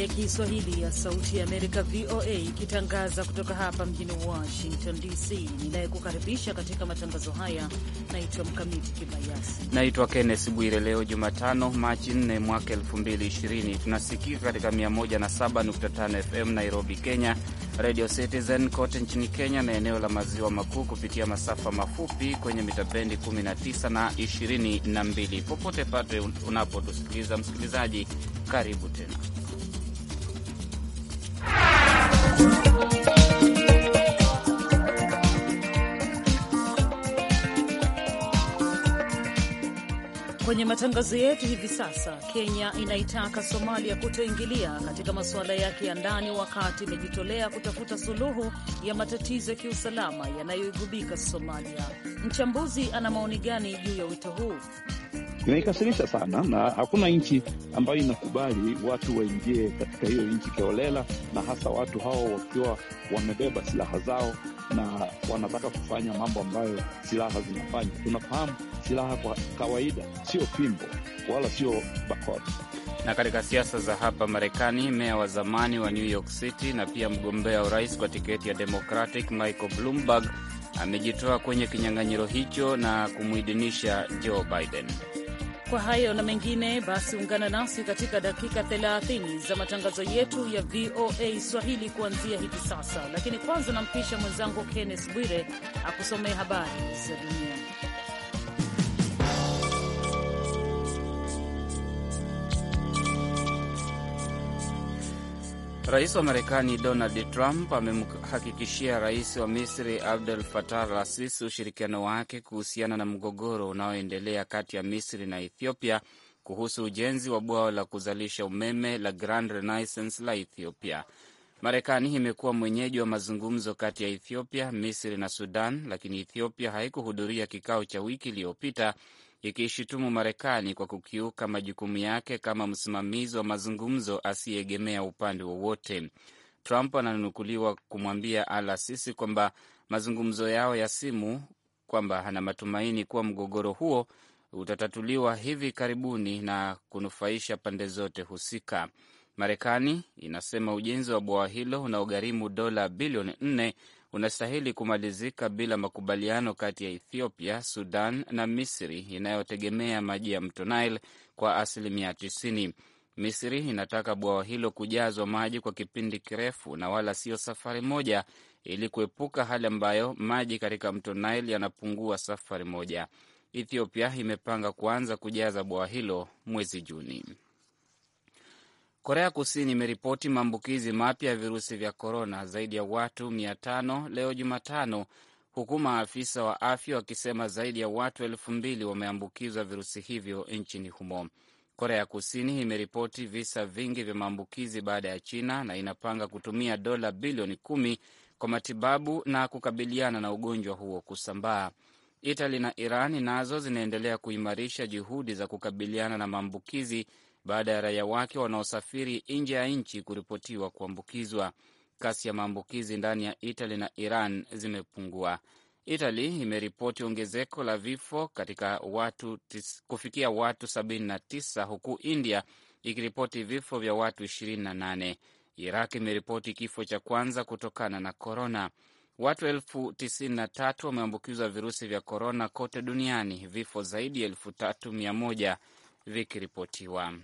ya Kiswahili ya Sauti ya Amerika, VOA, ikitangaza kutoka hapa mjini Washington DC. Ninayekukaribisha katika matangazo haya naitwa Mkamiti Kibayasi. Naitwa Kennes Bwire. Leo Jumatano, Machi 4 mwaka 2020, tunasikika katika 107.5 FM Nairobi, Kenya, Radio Citizen kote nchini Kenya na eneo la maziwa makuu kupitia masafa mafupi kwenye mitabendi 19 na 22. Popote pale unapotusikiliza, msikilizaji, karibu tena kwenye matangazo yetu hivi sasa, Kenya inaitaka Somalia kutoingilia katika masuala yake ya ndani, wakati imejitolea kutafuta suluhu ya matatizo ya kiusalama yanayoigubika Somalia. Mchambuzi ana maoni gani juu ya wito huu? Inaikasirisha sana, na hakuna nchi ambayo inakubali watu waingie katika hiyo nchi kiholela, na hasa watu hao wakiwa wamebeba silaha zao na wanataka kufanya mambo ambayo silaha zinafanya. Tunafahamu silaha kwa kawaida sio fimbo wala sio bakora. Na katika siasa za hapa Marekani, meya wa zamani wa New York City na pia mgombea urais kwa tiketi ya Democratic Michael Bloomberg amejitoa kwenye kinyang'anyiro hicho na kumwidhinisha Joe Biden. Kwa hayo na mengine, basi ungana nasi katika dakika 30 za matangazo yetu ya VOA Swahili kuanzia hivi sasa, lakini kwanza nampisha mwenzangu Kenneth Bwire akusomee habari za dunia. Rais wa Marekani Donald Trump amemhakikishia rais wa Misri Abdel Fattah al Sisi ushirikiano wake kuhusiana na mgogoro unaoendelea kati ya Misri na Ethiopia kuhusu ujenzi wa bwawa la kuzalisha umeme la Grand Renaissance la Ethiopia. Marekani imekuwa mwenyeji wa mazungumzo kati ya Ethiopia, Misri na Sudan, lakini Ethiopia haikuhudhuria kikao cha wiki iliyopita ikiishutumu Marekani kwa kukiuka majukumu yake kama msimamizi wa mazungumzo asiyeegemea upande wowote. Trump ananukuliwa kumwambia Al kwamba mazungumzo yao ya simu, kwamba ana matumaini kuwa mgogoro huo utatatuliwa hivi karibuni na kunufaisha pande zote husika. Marekani inasema ujenzi wa bwawa hilo unaogharimu dola bilioni unastahili kumalizika bila makubaliano kati ya Ethiopia, Sudan na Misri inayotegemea maji ya mto Nile kwa asilimia 90. Misri inataka bwawa hilo kujazwa maji kwa kipindi kirefu na wala sio safari moja, ili kuepuka hali ambayo maji katika mto Nile yanapungua safari moja. Ethiopia imepanga kuanza kujaza bwawa hilo mwezi Juni. Korea Kusini imeripoti maambukizi mapya ya virusi vya korona zaidi ya watu 500 leo Jumatano, huku maafisa wa afya wakisema zaidi ya watu elfu mbili wameambukizwa virusi hivyo nchini humo. Korea Kusini imeripoti visa vingi vya maambukizi baada ya China na inapanga kutumia dola bilioni kumi kwa matibabu na kukabiliana na ugonjwa huo kusambaa. Itali na iran nazo zinaendelea kuimarisha juhudi za kukabiliana na maambukizi baada ya raia wake wanaosafiri nje ya nchi kuripotiwa kuambukizwa. Kasi ya maambukizi ndani ya Itali na Iran zimepungua. Itali imeripoti ongezeko la vifo katika watu tis, kufikia watu 79 huku India ikiripoti vifo vya watu 28. Iraq imeripoti kifo cha kwanza kutokana na korona. Watu elfu 93 wameambukizwa virusi vya korona kote duniani, vifo zaidi ya elfu vikiripotiwa.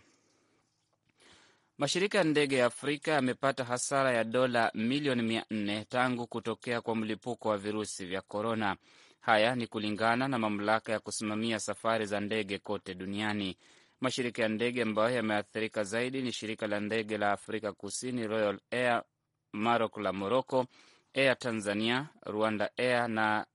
Mashirika ya ndege ya Afrika yamepata hasara ya dola milioni mia nne tangu kutokea kwa mlipuko wa virusi vya korona. Haya ni kulingana na mamlaka ya kusimamia safari za ndege kote duniani. Mashirika ya ndege ambayo yameathirika zaidi ni shirika la ndege la Afrika Kusini, Royal Air Maroc la Morocco, Air Tanzania, Rwanda Air na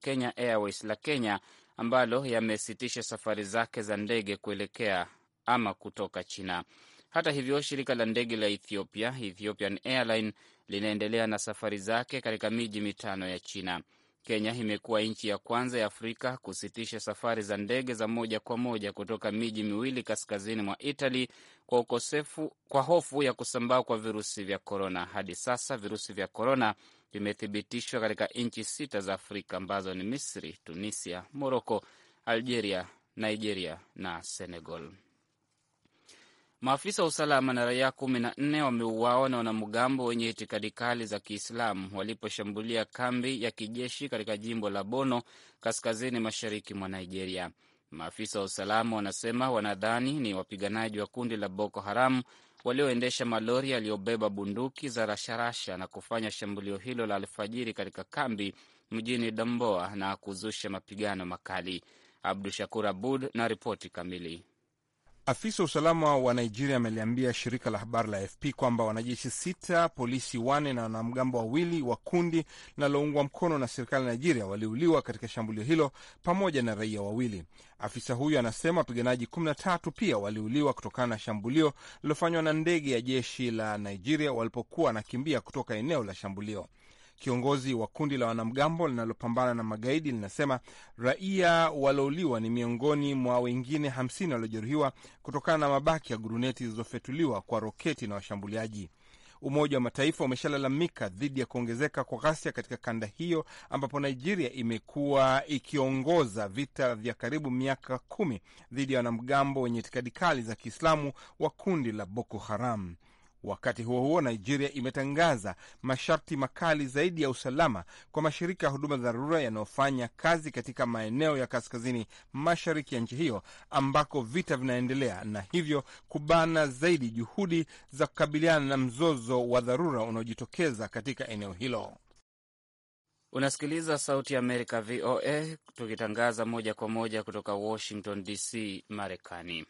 Kenya Airways la Kenya, ambalo yamesitisha safari zake za ndege kuelekea ama kutoka China. Hata hivyo, shirika la ndege la Ethiopia, Ethiopian Airline, linaendelea na safari zake katika miji mitano ya China. Kenya imekuwa nchi ya kwanza ya Afrika kusitisha safari za ndege za moja kwa moja kutoka miji miwili kaskazini mwa Italy kwa ukosefu, kwa hofu ya kusambaa kwa virusi vya korona. Hadi sasa virusi vya korona vimethibitishwa katika nchi sita za Afrika ambazo ni Misri, Tunisia, Moroko, Algeria, Nigeria na Senegal. Maafisa wa usalama na raia kumi na nne wameuawa na wanamgambo wenye itikadi kali za Kiislamu waliposhambulia kambi ya kijeshi katika jimbo la Bono, kaskazini mashariki mwa Nigeria. Maafisa wa usalama wanasema wanadhani ni wapiganaji wa kundi la Boko Haram walioendesha malori yaliyobeba bunduki za rasharasha na kufanya shambulio hilo la alfajiri katika kambi mjini Damboa na kuzusha mapigano makali. Abdu Shakur Abud na ripoti kamili. Afisa wa usalama wa Nigeria ameliambia shirika la habari la AFP kwamba wanajeshi sita, polisi wane na wanamgambo wawili wa kundi linaloungwa mkono na serikali ya Nigeria waliuliwa katika shambulio hilo pamoja na raia wawili. Afisa huyo anasema wapiganaji 13 pia waliuliwa kutokana na shambulio lililofanywa na ndege ya jeshi la Nigeria walipokuwa wanakimbia kutoka eneo la shambulio. Kiongozi wa kundi la wanamgambo linalopambana na magaidi linasema raia walouliwa ni miongoni mwa wengine hamsini waliojeruhiwa kutokana na mabaki ya guruneti zilizofyatuliwa kwa roketi na washambuliaji. Umoja wa Mataifa umeshalalamika dhidi ya kuongezeka kwa ghasia katika kanda hiyo ambapo Nigeria imekuwa ikiongoza vita vya karibu miaka kumi dhidi ya wanamgambo wenye itikadi kali za Kiislamu wa kundi la Boko Haram. Wakati huo huo, Nigeria imetangaza masharti makali zaidi ya usalama kwa mashirika ya huduma dharura yanayofanya kazi katika maeneo ya kaskazini mashariki ya nchi hiyo ambako vita vinaendelea, na hivyo kubana zaidi juhudi za kukabiliana na mzozo wa dharura unaojitokeza katika eneo hilo. Unasikiliza Sauti ya Amerika, VOA, tukitangaza moja kwa moja kutoka Washington DC, Marekani.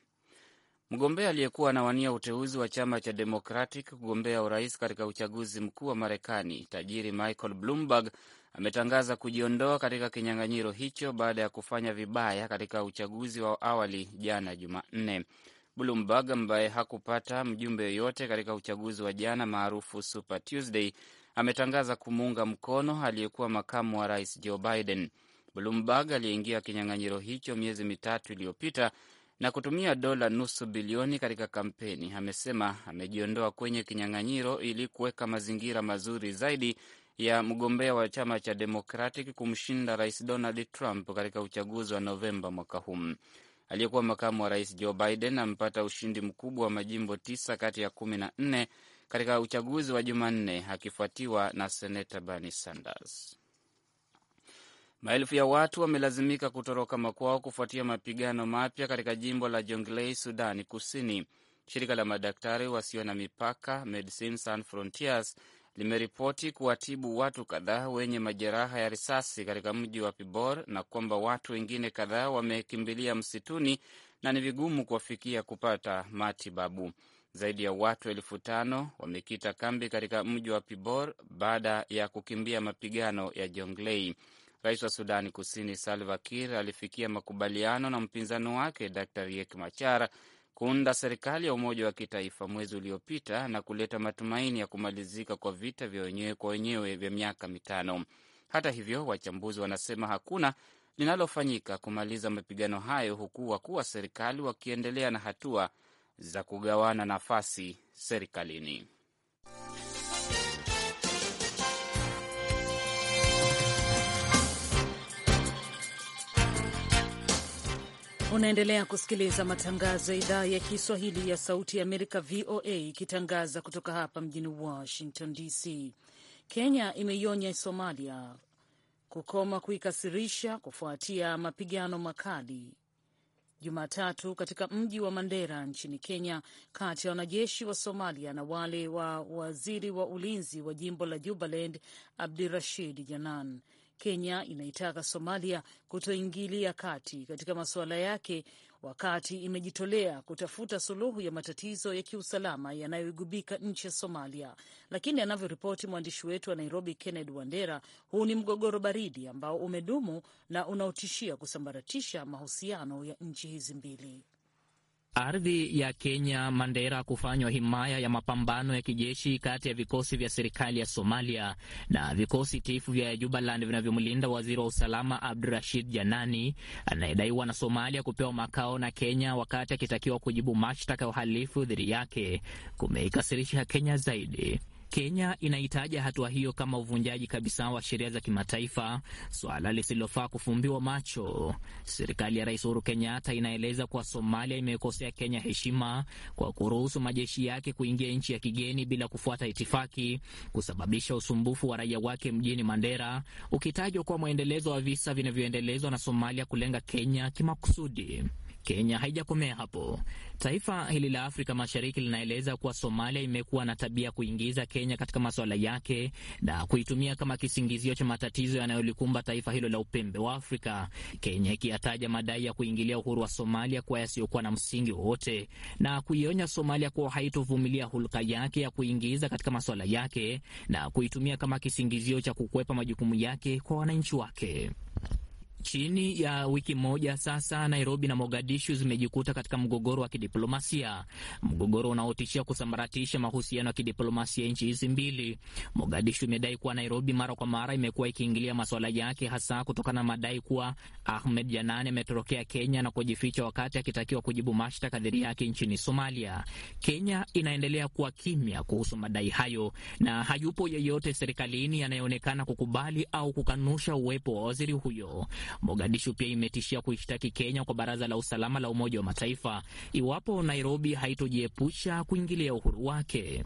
Mgombea aliyekuwa anawania uteuzi wa chama cha Democratic kugombea urais katika uchaguzi mkuu wa Marekani, tajiri Michael Bloomberg ametangaza kujiondoa katika kinyang'anyiro hicho baada ya kufanya vibaya katika uchaguzi wa awali jana Jumanne. Bloomberg ambaye hakupata mjumbe yoyote katika uchaguzi wa jana maarufu Super Tuesday ametangaza kumuunga mkono aliyekuwa makamu wa rais Joe Biden. Bloomberg aliyeingia kinyang'anyiro hicho miezi mitatu iliyopita na kutumia dola nusu bilioni katika kampeni. Amesema amejiondoa kwenye kinyang'anyiro ili kuweka mazingira mazuri zaidi ya mgombea wa chama cha Democratic kumshinda Rais Donald Trump katika uchaguzi wa Novemba mwaka huu. Aliyekuwa makamu wa rais Joe Biden amepata ushindi mkubwa wa majimbo tisa kati ya kumi na nne katika uchaguzi wa Jumanne, akifuatiwa na seneta Bernie Sanders. Maelfu ya watu wamelazimika kutoroka makwao kufuatia mapigano mapya katika jimbo la Jonglei, Sudani Kusini. Shirika la madaktari wasio na mipaka Medecins Sans Frontieres limeripoti kuwatibu watu kadhaa wenye majeraha ya risasi katika mji wa Pibor na kwamba watu wengine kadhaa wamekimbilia msituni na ni vigumu kuwafikia kupata matibabu. Zaidi ya watu elfu tano wamekita kambi katika mji wa Pibor baada ya kukimbia mapigano ya Jonglei. Rais wa Sudani Kusini Salva Kiir alifikia makubaliano na mpinzani wake Dr Riek Machar kuunda serikali ya umoja wa kitaifa mwezi uliopita na kuleta matumaini ya kumalizika kwa vita vya wenyewe kwa wenyewe vya miaka mitano. Hata hivyo, wachambuzi wanasema hakuna linalofanyika kumaliza mapigano hayo, huku wakuu wa serikali wakiendelea na hatua za kugawana nafasi serikalini. Unaendelea kusikiliza matangazo ya idhaa ya Kiswahili ya Sauti ya Amerika, VOA, ikitangaza kutoka hapa mjini Washington DC. Kenya imeionya Somalia kukoma kuikasirisha kufuatia mapigano makali Jumatatu katika mji wa Mandera nchini Kenya, kati ya wanajeshi wa Somalia na wale wa waziri wa ulinzi wa jimbo la Jubaland, Abdirashid Janan. Kenya inaitaka Somalia kutoingilia kati katika masuala yake wakati imejitolea kutafuta suluhu ya matatizo ya kiusalama yanayoigubika nchi ya Somalia. Lakini anavyoripoti mwandishi wetu wa Nairobi, kenned Wandera, huu ni mgogoro baridi ambao umedumu na unaotishia kusambaratisha mahusiano ya nchi hizi mbili. Ardhi ya Kenya Mandera kufanywa himaya ya mapambano ya kijeshi kati ya vikosi vya serikali ya Somalia na vikosi tifu vya Jubaland vinavyomlinda waziri wa usalama Abdurashid Janani anayedaiwa na Somalia kupewa makao na Kenya wakati akitakiwa kujibu mashtaka ya uhalifu dhidi yake kumeikasirisha Kenya zaidi. Kenya inahitaja hatua hiyo kama uvunjaji kabisa wa sheria za kimataifa, swala lisilofaa kufumbiwa macho. Serikali ya Rais Uhuru Kenyatta inaeleza kuwa Somalia imekosea Kenya heshima kwa kuruhusu majeshi yake kuingia nchi ya kigeni bila kufuata itifaki, kusababisha usumbufu wa raia wake mjini Mandera, ukitajwa kuwa mwendelezo wa visa vinavyoendelezwa na Somalia kulenga Kenya kimakusudi. Kenya haijakomea hapo. Taifa hili la Afrika Mashariki linaeleza kuwa Somalia imekuwa na tabia kuingiza Kenya katika masuala yake na kuitumia kama kisingizio cha matatizo yanayolikumba taifa hilo la upembe wa Afrika, Kenya ikiyataja madai ya kuingilia uhuru wa Somalia kuwa yasiyokuwa na msingi wowote na kuionya Somalia kuwa haitovumilia hulka yake ya kuingiza katika masuala yake na kuitumia kama kisingizio cha kukwepa majukumu yake kwa wananchi wake. Chini ya wiki moja sasa, Nairobi na Mogadishu zimejikuta katika mgogoro wa kidiplomasia, mgogoro unaotishia kusambaratisha mahusiano ya kidiplomasia nchi hizi mbili. Mogadishu imedai kuwa Nairobi mara kwa mara imekuwa ikiingilia masuala yake, hasa kutokana na madai kuwa Ahmed Janani ametorokea Kenya na kujificha wakati akitakiwa kujibu mashtaka dhidi yake nchini Somalia. Kenya inaendelea kuwa kimya kuhusu madai hayo na hayupo yeyote serikalini anayeonekana kukubali au kukanusha uwepo wa waziri huyo. Mogadishu pia imetishia kuishtaki Kenya kwa Baraza la Usalama la Umoja wa Mataifa iwapo Nairobi haitojiepusha kuingilia uhuru wake.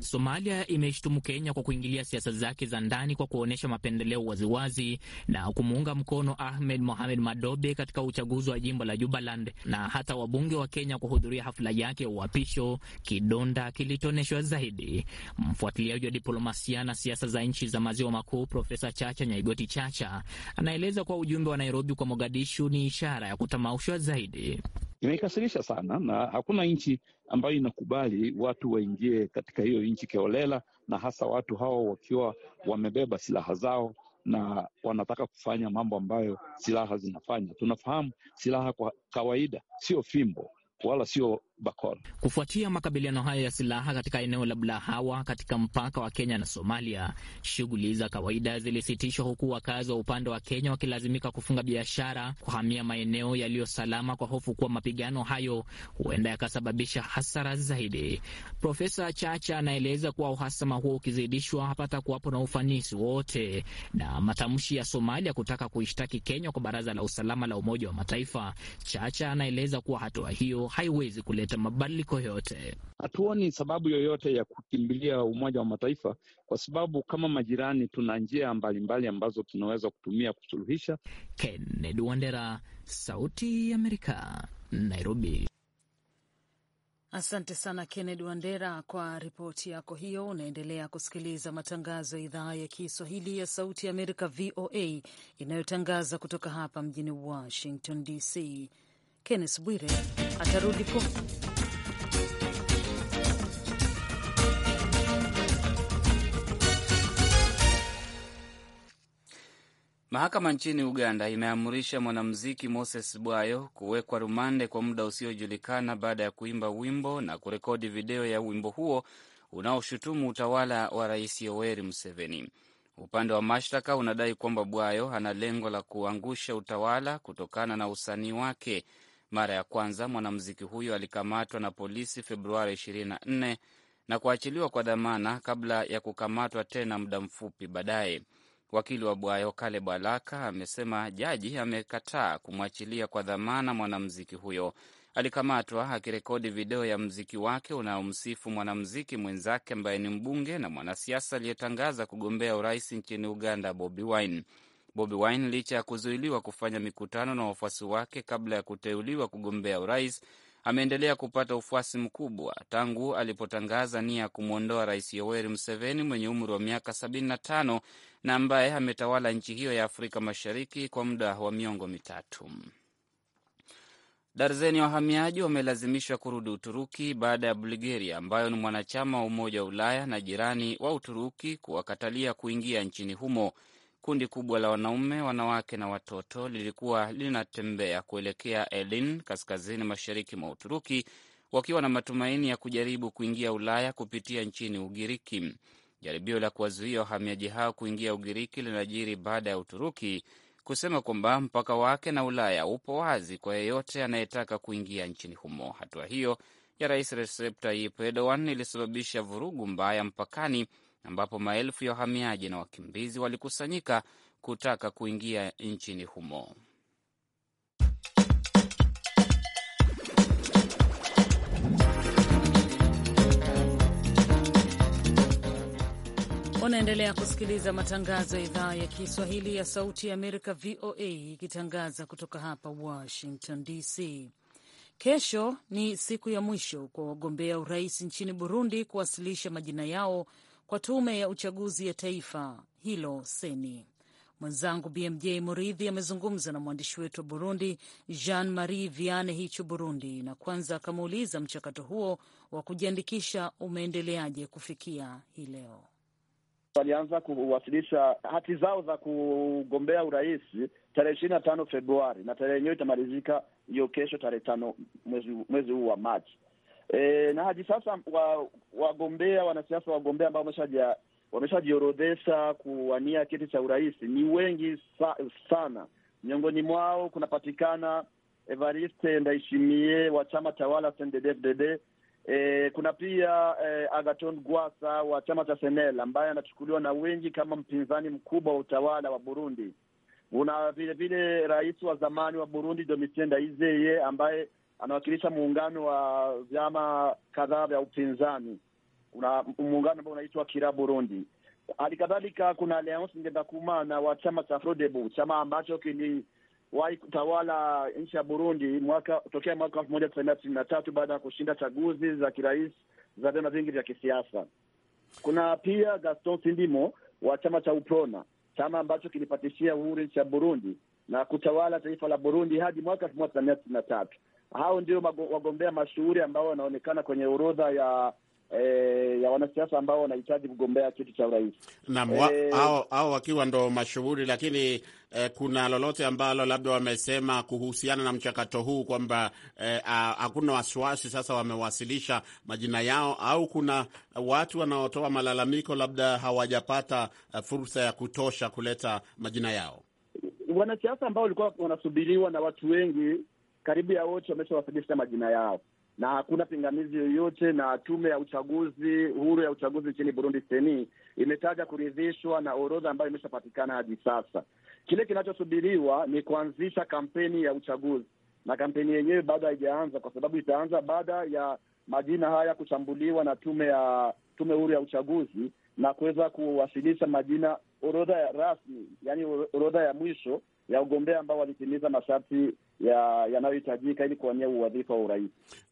Somalia imeshtumu Kenya kwa kuingilia siasa zake za ndani kwa kuonyesha mapendeleo waziwazi na kumuunga mkono Ahmed Mohamed Madobe katika uchaguzi wa jimbo la Jubaland na hata wabunge wa Kenya kuhudhuria hafla yake ya uapisho, kidonda kilitoneshwa zaidi. Mfuatiliaji wa diplomasia na siasa za nchi za maziwa makuu Profesa Chacha Nyaigoti Chacha anaeleza kwa uju ujumbe wa Nairobi kwa Mogadishu ni ishara ya kutamaushwa zaidi. Imekasirisha sana, na hakuna nchi ambayo inakubali watu waingie katika hiyo nchi kiholela, na hasa watu hao wakiwa wamebeba silaha zao na wanataka kufanya mambo ambayo silaha zinafanya. Tunafahamu silaha kwa kawaida sio fimbo wala sio Bakol. Kufuatia makabiliano hayo ya silaha katika eneo la blahawa katika mpaka wa Kenya na Somalia, shughuli za kawaida zilisitishwa, huku wakazi wa upande wa Kenya wakilazimika kufunga biashara, kuhamia maeneo yaliyosalama kwa hofu kuwa mapigano hayo huenda yakasababisha hasara zaidi. Profesa Chacha anaeleza kuwa uhasama huo ukizidishwa hapata kuwapo na ufanisi wote, na matamshi ya Somalia kutaka kuishtaki Kenya kwa Baraza la Usalama la Umoja wa Mataifa. Chacha anaeleza kuwa hatua hiyo haiwezi kule kuleta mabadiliko yoyote. Hatuoni sababu yoyote ya kukimbilia Umoja wa Mataifa kwa sababu kama majirani tuna njia mbalimbali ambazo tunaweza kutumia kusuluhisha. Kennedy Wandera, Sauti ya Amerika, Nairobi. Asante sana Kennedy Wandera kwa ripoti yako hiyo. Unaendelea kusikiliza matangazo ya idhaa ya Kiswahili ya Sauti ya Amerika, VOA, inayotangaza kutoka hapa mjini Washington DC. Kenneth Bwire atarudi ku Mahakama nchini Uganda imeamrisha mwanamuziki Moses Bwayo kuwekwa rumande kwa muda usiojulikana baada ya kuimba wimbo na kurekodi video ya wimbo huo unaoshutumu utawala wa Rais Yoweri Museveni. Upande wa mashtaka unadai kwamba Bwayo ana lengo la kuangusha utawala kutokana na usanii wake. Mara ya kwanza mwanamuziki huyo alikamatwa na polisi Februari 24 na kuachiliwa kwa dhamana kabla ya kukamatwa tena muda mfupi baadaye. Wakili wa Bwayo kale Alaka amesema jaji amekataa kumwachilia kwa dhamana mwanamuziki huyo. Alikamatwa akirekodi video ya mziki wake unaomsifu mwanamziki mwenzake ambaye ni mbunge na mwanasiasa aliyetangaza kugombea urais nchini Uganda, Bobi Wine. Bobi Wine licha ya kuzuiliwa kufanya mikutano na wafuasi wake kabla ya kuteuliwa kugombea urais, ameendelea kupata ufuasi mkubwa tangu alipotangaza nia ya kumwondoa Rais Yoweri Museveni mwenye umri wa miaka 75 na ambaye ametawala nchi hiyo ya Afrika Mashariki kwa muda wa miongo mitatu. Darzeni ya wahamiaji wamelazimishwa kurudi Uturuki baada ya Bulgaria ambayo ni mwanachama wa Umoja wa Ulaya na jirani wa Uturuki kuwakatalia kuingia nchini humo. Kundi kubwa la wanaume, wanawake na watoto lilikuwa linatembea kuelekea Elin, kaskazini mashariki mwa Uturuki, wakiwa na matumaini ya kujaribu kuingia Ulaya kupitia nchini Ugiriki. Jaribio la kuwazuia wahamiaji hao kuingia Ugiriki linajiri baada ya Uturuki kusema kwamba mpaka wake na Ulaya upo wazi kwa yeyote anayetaka kuingia nchini humo. Hatua hiyo ya Rais Recep Tayyip Erdogan ilisababisha vurugu mbaya mpakani ambapo maelfu ya wahamiaji na wakimbizi walikusanyika kutaka kuingia nchini humo. Unaendelea kusikiliza matangazo ya idhaa ya Kiswahili ya Sauti ya Amerika, VOA, ikitangaza kutoka hapa Washington DC. Kesho ni siku ya mwisho kwa wagombea urais nchini Burundi kuwasilisha majina yao kwa tume ya uchaguzi ya taifa hilo seni Mwenzangu BMJ Muridhi amezungumza na mwandishi wetu wa Burundi, Jean Marie Viane hicho Burundi, na kwanza akamuuliza mchakato huo wa kujiandikisha umeendeleaje kufikia hii leo. Walianza kuwasilisha hati zao za kugombea urais tarehe ishirini na tano Februari na tarehe yenyewe itamalizika hiyo kesho tarehe tano mwezi huu wa Machi e, na hadi sasa wagombea wa wanasiasa wagombea ambao wameshajiorodhesha kuwania kiti cha urais ni wengi sa, sana. Miongoni mwao kunapatikana Evariste Ndayishimiye wa chama tawala CNDD-FDD. E, kuna pia e, Agaton Gwasa wa chama cha Senel ambaye anachukuliwa na wengi kama mpinzani mkubwa wa utawala wa Burundi. Kuna vilevile rais wa zamani wa Burundi Domitien Ndayizeye ambaye anawakilisha muungano wa vyama kadhaa vya upinzani, kuna muungano ambao unaitwa Kira Burundi. Hali kadhalika kuna Alliance Ngendakumana wa chama cha Frodebu, chama ambacho kiliwahi kutawala nchi ya Burundi mwaka tokea mwaka elfu moja tisa tisini na tatu baada ya kushinda chaguzi za kirais za vyama vingi vya kisiasa. Kuna pia Gaston Sindimo wa chama cha Uprona, chama ambacho kilipatishia uhuru nchi ya Burundi na kutawala taifa la Burundi hadi mwaka elfu moja tisamia tisini na tatu hao ndio wagombea mashuhuri ambao wanaonekana kwenye orodha ya E, ya wanasiasa ambao wanahitaji kugombea kiti cha urais naam, e, hao e, wakiwa ndo mashuhuri. Lakini e, kuna lolote ambalo labda wamesema kuhusiana na mchakato huu kwamba e, hakuna e, wasiwasi, sasa wamewasilisha majina yao, au kuna watu wanaotoa malalamiko labda hawajapata e, fursa ya kutosha kuleta majina yao, wanasiasa ambao walikuwa wanasubiriwa na watu wengi karibu ya wote wameshawasilisha majina yao na hakuna pingamizi yoyote. Na tume ya uchaguzi huru ya uchaguzi nchini Burundi, seni imetaja kuridhishwa na orodha ambayo imeshapatikana hadi sasa. Kile kinachosubiriwa ni kuanzisha kampeni ya uchaguzi, na kampeni yenyewe bado haijaanza kwa sababu itaanza baada ya majina haya kuchambuliwa na tume ya tume huru ya uchaguzi na kuweza kuwasilisha majina, orodha ya rasmi, yani orodha ya mwisho ya ugombea ambao walitimiza masharti yanayohitajika ya ili kuwania uwadhifa wa urais.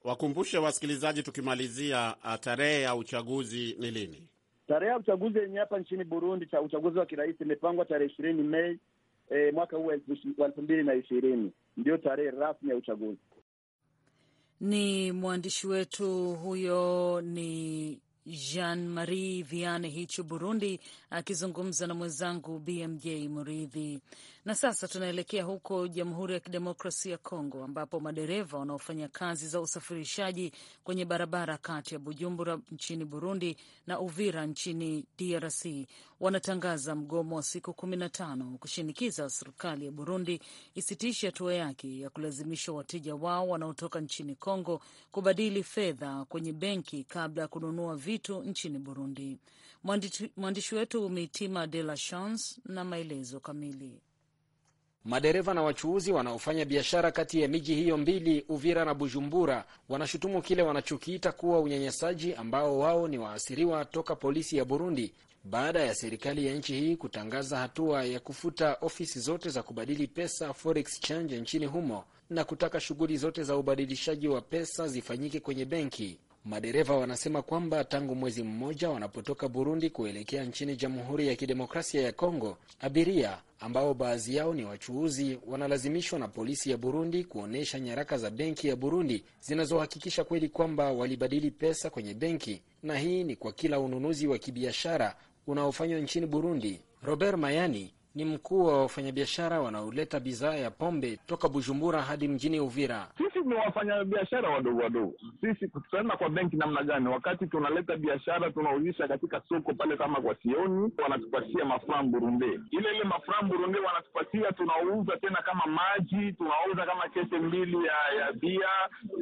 Wakumbushe wasikilizaji, tukimalizia, uh, tarehe ya uchaguzi ni lini? Tarehe ya uchaguzi yenye hapa nchini Burundi, cha uchaguzi wa kirais imepangwa tarehe ishirini Mei e, mwaka huu wa elfu mbili na ishirini ndio tarehe rasmi ya uchaguzi. Ni mwandishi wetu huyo, ni Jean Marie Viane Hichu, Burundi, akizungumza na mwenzangu BMJ Muridhi. Na sasa tunaelekea huko Jamhuri ya Kidemokrasia ya Kongo, ambapo madereva wanaofanya kazi za usafirishaji kwenye barabara kati ya Bujumbura nchini Burundi na Uvira nchini DRC wanatangaza mgomo wa siku kumi na tano kushinikiza serikali ya Burundi isitishe hatua yake ya kulazimisha wateja wao wanaotoka nchini Kongo kubadili fedha kwenye benki kabla ya kununua vitu nchini Burundi. Mwandishi wetu Mitima De La Chance na maelezo kamili. Madereva na wachuuzi wanaofanya biashara kati ya miji hiyo mbili, Uvira na Bujumbura, wanashutumu kile wanachokiita kuwa unyanyasaji ambao wao ni waasiriwa toka polisi ya Burundi baada ya serikali ya nchi hii kutangaza hatua ya kufuta ofisi zote za kubadili pesa forex change nchini humo na kutaka shughuli zote za ubadilishaji wa pesa zifanyike kwenye benki. Madereva wanasema kwamba tangu mwezi mmoja wanapotoka Burundi kuelekea nchini Jamhuri ya Kidemokrasia ya Kongo, abiria ambao baadhi yao ni wachuuzi wanalazimishwa na polisi ya Burundi kuonyesha nyaraka za benki ya Burundi zinazohakikisha kweli kwamba walibadili pesa kwenye benki, na hii ni kwa kila ununuzi wa kibiashara unaofanywa nchini Burundi. Robert Mayani ni mkuu wa wafanyabiashara wanaoleta bidhaa ya pombe toka Bujumbura hadi mjini Uvira. Sisi ni wafanyabiashara wadogo wadogo, sisi tutaenda kwa benki namna gani? Wakati tunaleta biashara tunauzisha katika soko pale, kama kwa sioni wanatupatia mafran burunde, ile ile mafran burunde wanatupatia, tunauza tena kama maji, tunauza kama kese mbili ya, ya bia,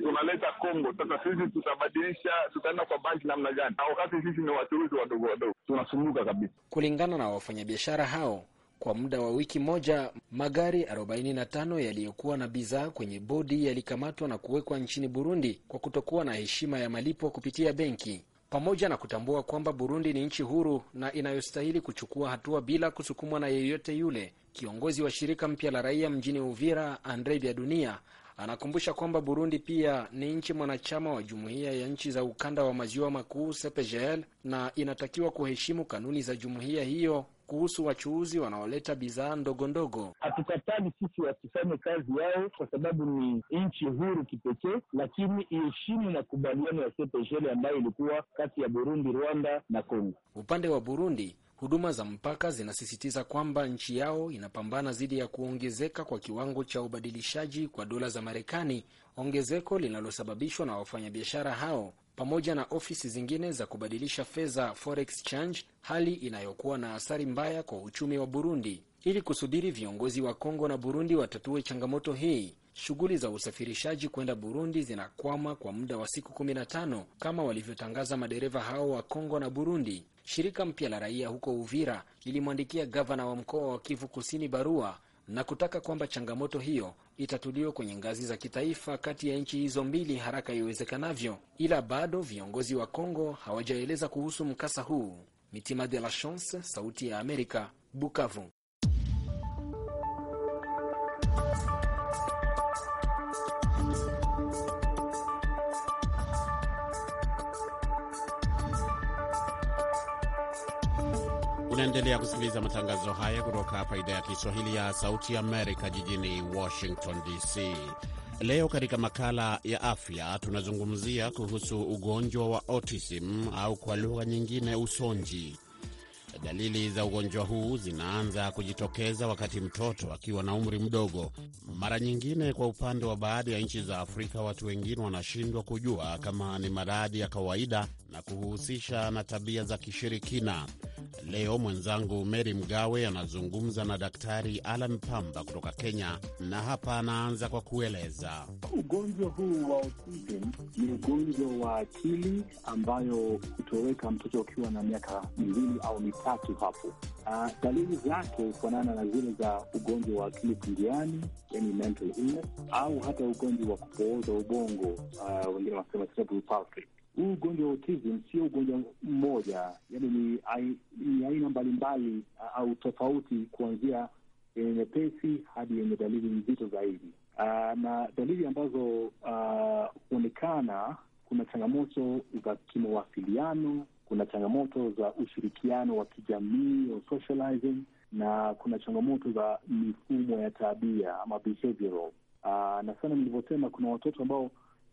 tunaleta Kongo. Sasa sisi tutabadilisha, tutaenda kwa banki namna gani? Na wakati sisi ni wachuruzi wadogo wadogo, tunasumbuka kabisa. Kulingana na wafanyabiashara hao kwa muda wa wiki moja, magari 45 yaliyokuwa na bidhaa kwenye bodi yalikamatwa na kuwekwa nchini Burundi kwa kutokuwa na heshima ya malipo kupitia benki. Pamoja na kutambua kwamba Burundi ni nchi huru na inayostahili kuchukua hatua bila kusukumwa na yeyote yule, kiongozi wa shirika mpya la raia mjini Uvira, Andre Bya Dunia, anakumbusha kwamba Burundi pia ni nchi mwanachama wa jumuiya ya nchi za ukanda wa maziwa makuu CPGL na inatakiwa kuheshimu kanuni za jumuiya hiyo kuhusu wachuuzi wanaoleta bidhaa ndogo ndogo. hatukatali sisi wasifanye kazi yao, kwa sababu ni nchi huru kipekee, lakini iheshimu makubaliano ya CEPGL ambayo ilikuwa kati ya Burundi, Rwanda na Kongo. Upande wa Burundi, huduma za mpaka zinasisitiza kwamba nchi yao inapambana dhidi ya kuongezeka kwa kiwango cha ubadilishaji kwa dola za Marekani, ongezeko linalosababishwa na wafanyabiashara hao pamoja na ofisi zingine za kubadilisha fedha forex change, hali inayokuwa na athari mbaya kwa uchumi wa Burundi. Ili kusubiri viongozi wa Kongo na Burundi watatue changamoto hii, shughuli za usafirishaji kwenda Burundi zinakwama kwa muda wa siku 15 kama walivyotangaza madereva hao wa Kongo na Burundi. Shirika mpya la raia huko Uvira lilimwandikia gavana wa mkoa wa Kivu Kusini barua na kutaka kwamba changamoto hiyo itatuliwa kwenye ngazi za kitaifa kati ya nchi hizo mbili haraka iwezekanavyo, ila bado viongozi wa Kongo hawajaeleza kuhusu mkasa huu. Mitima de la Chance, Sauti ya Amerika, Bukavu. Unaendelea kusikiliza matangazo haya kutoka hapa idhaa ya Kiswahili ya Sauti Amerika jijini Washington DC. Leo katika makala ya afya tunazungumzia kuhusu ugonjwa wa autism au kwa lugha nyingine usonji. Dalili za ugonjwa huu zinaanza kujitokeza wakati mtoto akiwa na umri mdogo. Mara nyingine, kwa upande wa baadhi ya nchi za Afrika, watu wengine wanashindwa kujua kama ni maradhi ya kawaida na kuhusisha na tabia za kishirikina. Leo mwenzangu Mary Mgawe anazungumza na Daktari Alan Pamba kutoka Kenya, na hapa anaanza kwa kueleza ugonjwa huu wa autism. Ni ugonjwa wa akili ambayo hutoweka mtoto akiwa na miaka miwili au mitatu hapo. Uh, dalili zake hufanana na zile za ugonjwa wa akili kundiani, yani mental illness, au hata ugonjwa wa kupooza ubongo, ah, wengine wanasema cerebral palsy huu ugonjwa wa autism sio ugonjwa mmoja, yani ni, ai, ni aina mbalimbali au tofauti, kuanzia yenye nyepesi hadi yenye dalili nzito zaidi. Uh, na dalili ambazo huonekana, kuna changamoto za kimawasiliano, kuna changamoto za ushirikiano wa kijamii au socializing, na kuna changamoto za mifumo ya tabia ama behavioral. na sana nilivyosema, kuna watoto ambao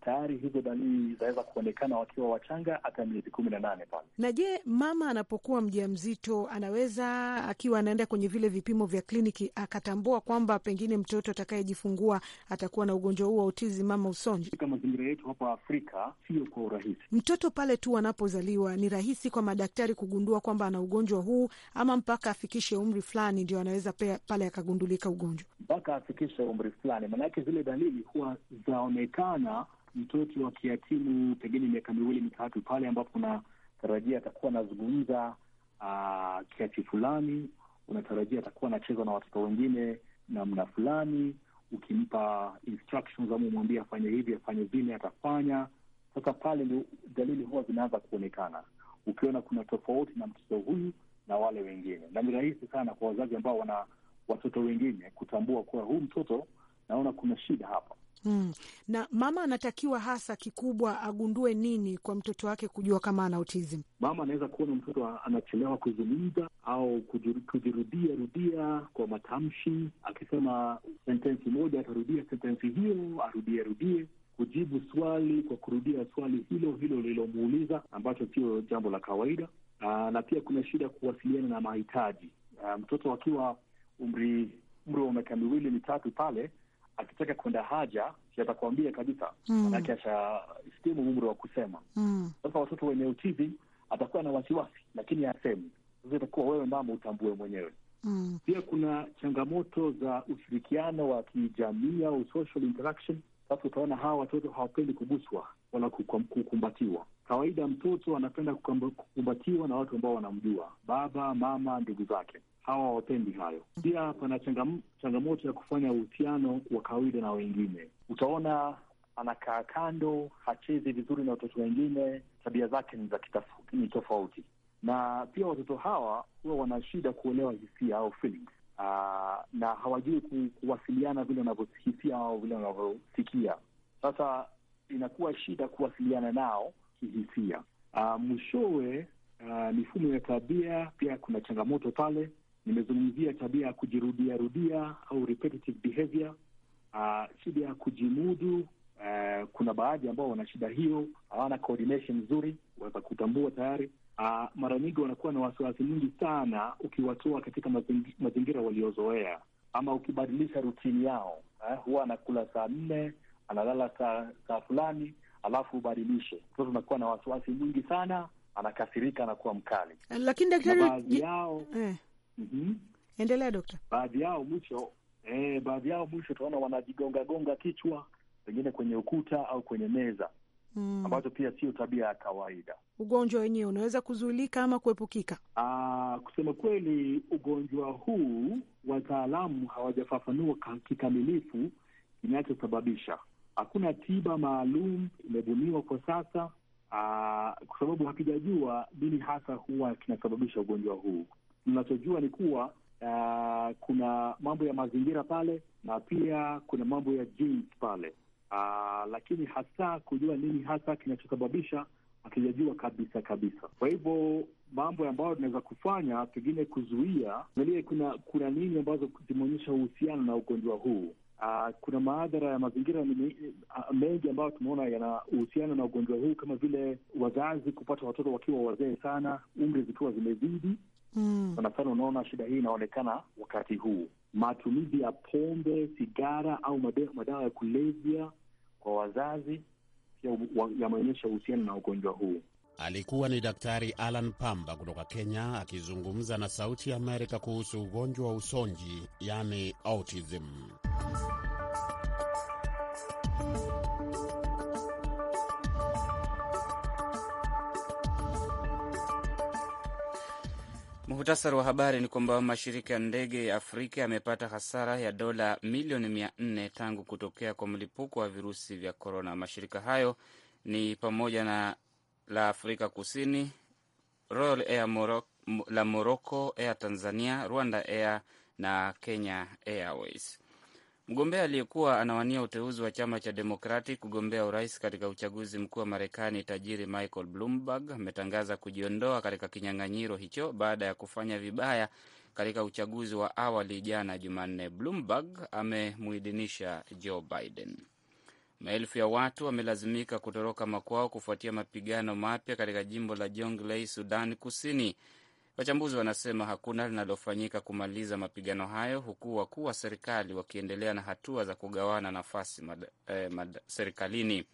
tayari hizo dalili zinaweza kuonekana wakiwa wachanga hata miezi kumi na nane pale. Na je, mama anapokuwa mja mzito anaweza akiwa anaenda kwenye vile vipimo vya kliniki akatambua kwamba pengine mtoto atakayejifungua atakuwa na ugonjwa huu wa utizi mama usonji? Katika mazingira yetu hapa Afrika sio kwa urahisi. Mtoto pale tu anapozaliwa ni rahisi kwa madaktari kugundua kwamba ana ugonjwa huu ama mpaka afikishe umri fulani ndio anaweza pea, pale akagundulika ugonjwa? Mpaka afikishe umri fulani, maanake zile dalili huwa zaonekana mtoto akiatimu pengine miaka miwili mitatu, pale ambapo unatarajia atakuwa anazungumza ah, kiasi fulani, unatarajia atakuwa anacheza na watoto wengine namna fulani, ukimpa instructions ama umwambia afanye hivi afanye vile, atafanya. Sasa pale ndio dalili huwa zinaanza kuonekana, ukiona kuna tofauti na mtoto huyu na wale wengine, na ni rahisi sana kwa wazazi ambao wana watoto wengine kutambua kuwa huu mtoto, naona kuna shida hapa. Mm. Na mama anatakiwa hasa kikubwa agundue nini kwa mtoto wake kujua kama ana autism? Mama anaweza kuona mtoto anachelewa kuzungumza au kujirudia rudia kwa matamshi, akisema sentensi moja atarudia sentensi hiyo, arudie rudie kujibu swali kwa kurudia swali hilo hilo lililomuuliza, ambacho sio jambo la kawaida. Aa, na pia kuna shida kuwasiliana na mahitaji. Aa, mtoto akiwa umri umri wa miaka miwili mitatu pale akitaka kwenda haja atakwambia kabisa, manake hmm. mm. ashahitimu umri wa kusema hmm. sasa. mm. watoto wenye utizi atakuwa na wasiwasi, lakini asemi sasa, itakuwa wewe mama utambue mwenyewe. mm. Pia kuna changamoto za ushirikiano wa kijamii au social interaction. Sasa utaona hawa watoto hawapendi kuguswa wala kukumbatiwa. Kawaida mtoto anapenda kukumbatiwa na watu ambao wanamjua, baba, mama, ndugu zake hawa wapendi hayo. Pia pana changam, changamoto ya kufanya uhusiano wa kawaida na wengine. Utaona anakaa kando, hachezi vizuri na watoto wengine, tabia zake ni tofauti. Na pia watoto hawa huwa wana shida kuelewa hisia au feelings. Ah, na hawajui kuwasiliana vile wanavyohisia au vile wanavyosikia. Sasa inakuwa shida kuwasiliana nao kihisia. Ah, mwishowe ah, mifumo ya tabia pia kuna changamoto pale, Nimezungumzia tabia ya kujirudia rudia au repetitive behavior, uh, shida ya kujimudu. Uh, kuna baadhi ambao wana shida hiyo, hawana coordination nzuri, waweza kutambua tayari. Uh, mara nyingi wanakuwa na wasiwasi mwingi sana ukiwatoa katika mazingi, mazingira waliozoea ama ukibadilisha rutini yao eh, huwa anakula saa nne analala saa saa fulani, alafu ubadilishe, mtoto anakuwa na wasiwasi mwingi sana, anakasirika, anakuwa mkali. Lakini daktari, yao eh mm -hmm. Endelea dokta. Baadhi yao mwisho e, baadhi yao mwisho tunaona wanajigongagonga kichwa pengine kwenye ukuta au kwenye meza mm, ambazo pia sio tabia ya kawaida. Ugonjwa wenyewe unaweza kuzuilika ama kuepukika? Aa, ah, kusema kweli ugonjwa huu wataalamu hawajafafanua kikamilifu kinachosababisha. Hakuna tiba maalum imebuniwa kwa sasa, ah, kwa sababu hatujajua nini hasa huwa kinasababisha ugonjwa huu mnachojua ni kuwa uh, kuna mambo ya mazingira pale na pia kuna mambo ya genes pale uh, lakini hasa kujua nini hasa kinachosababisha hatujajua kabisa kabisa. Kwa hivyo mambo ambayo tunaweza kufanya pengine kuzuia, ngalie, kuna kuna nini ambazo zimeonyesha uhusiano na ugonjwa huu. Uh, kuna maadhara ya mazingira uh, mengi ambayo tumeona yana uhusiano na ugonjwa huu, kama vile wazazi kupata watoto wakiwa wazee sana, umri zikiwa zimezidi, Mm. Sana sana unaona shida hii inaonekana wakati huu, matumizi ya pombe, sigara au madawa ya kulevya kwa wazazi pia yameonyesha uhusiano na ugonjwa huu. Alikuwa ni Daktari Alan Pamba kutoka Kenya akizungumza na Sauti ya Amerika kuhusu ugonjwa wa usonji, yani autism. Muhtasari wa habari ni kwamba mashirika ya ndege ya Afrika yamepata hasara ya dola milioni mia nne tangu kutokea kwa mlipuko wa virusi vya korona. Mashirika hayo ni pamoja na la Afrika Kusini, Royal Air Morocco, la Morocco, Air Tanzania, Rwanda Air na Kenya Airways. Mgombea aliyekuwa anawania uteuzi wa chama cha Demokrati kugombea urais katika uchaguzi mkuu wa Marekani, tajiri Michael Bloomberg ametangaza kujiondoa katika kinyang'anyiro hicho baada ya kufanya vibaya katika uchaguzi wa awali jana Jumanne. Bloomberg amemuidhinisha Joe Biden. Maelfu ya watu wamelazimika kutoroka makwao kufuatia mapigano mapya katika jimbo la Jonglei, Sudan Kusini. Wachambuzi wanasema hakuna linalofanyika kumaliza mapigano hayo, huku wakuu wa serikali wakiendelea na hatua za kugawana nafasi eh, serikalini.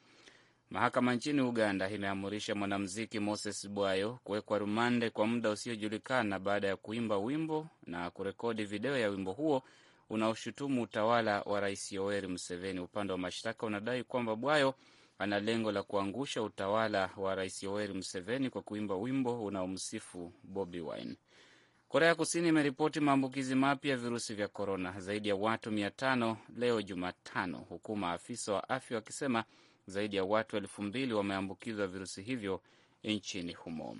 Mahakama nchini Uganda imeamurisha mwanamuziki Moses Bwayo kuwekwa rumande kwa muda usiojulikana baada ya kuimba wimbo na kurekodi video ya wimbo huo unaoshutumu utawala wa Rais Yoweri Museveni. Upande wa mashtaka unadai kwamba Bwayo ana lengo la kuangusha utawala wa Rais Yoweri Museveni kwa kuimba wimbo unaomsifu Bobi Wine. Korea ya Kusini imeripoti maambukizi mapya ya virusi vya korona zaidi ya watu mia tano leo Jumatano, huku maafisa wa afya wakisema zaidi ya watu elfu mbili wameambukizwa virusi hivyo nchini humo.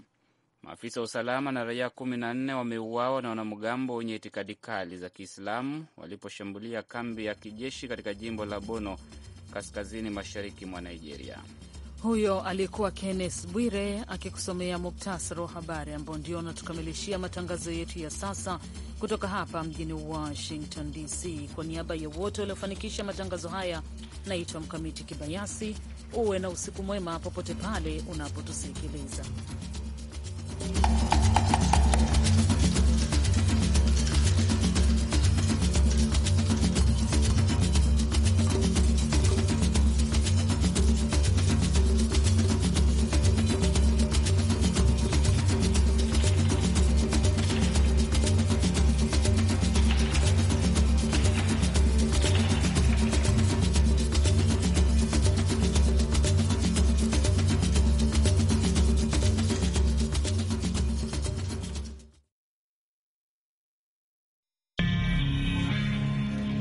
Maafisa wa usalama na raia kumi na nne wameuawa na wanamgambo wenye itikadi kali za Kiislamu waliposhambulia kambi ya kijeshi katika jimbo la Bono kaskazini mashariki mwa Nigeria. Huyo alikuwa Kennes Bwire akikusomea muktasari wa habari ambao ndio anatukamilishia matangazo yetu ya sasa kutoka hapa mjini Washington DC. Kwa niaba ya wote waliofanikisha matangazo haya, naitwa Mkamiti Kibayasi. Uwe na usiku mwema popote pale unapotusikiliza.